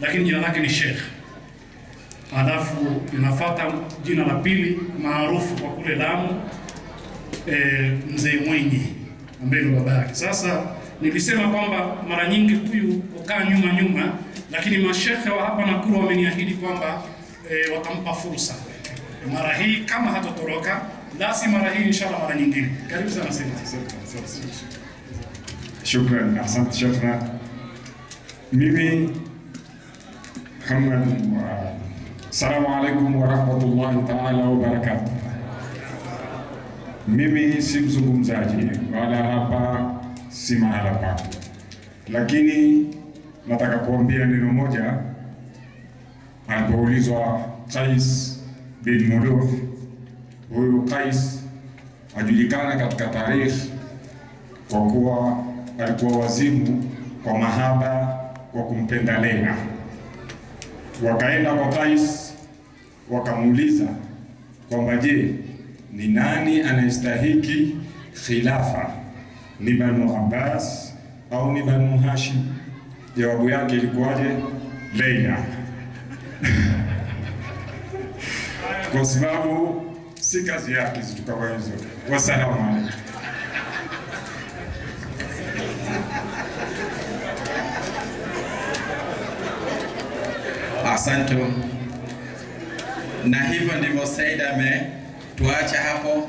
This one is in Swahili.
lakini jina lake ni Sheikh. Alafu inafuata jina la pili maarufu kwa kule Lamu e, mzee Mwinyi ambaye ni baba yake. Sasa nilisema kwamba mara nyingi huyu ukaa nyuma nyuma, lakini mashekhe wa hapa Nakuru wameniahidi kwamba e, watampa fursa mara hii kama hatotoroka, basi mara hii inshallah, mara nyingine. Karibu sana sema. Shukran, asante shukran. Mimi Muhammad. salamu alaikum warahmatullahi taala wabarakatu Mimi si mzungumzaji wala hapa si mahala papo, lakini nataka kuambia neno moja. Alipoulizwa Qais bin Muruf, huyu Qais ajulikana katika tarikhi kwa kuwa alikuwa wazimu, kwa mahaba, kwa kumpenda Leila wakaenda kwa Kais wakamuuliza kwamba je, ni nani anayestahiki khilafa? Ni Banu Abbas au ni Banu Hashim? Jawabu yake ilikuwaje? Leila kwa sababu si kazi yake zitukawa hizo. Wasalamu alaykum. Asante. Na hivyo ndivyo Said ametuacha hapo.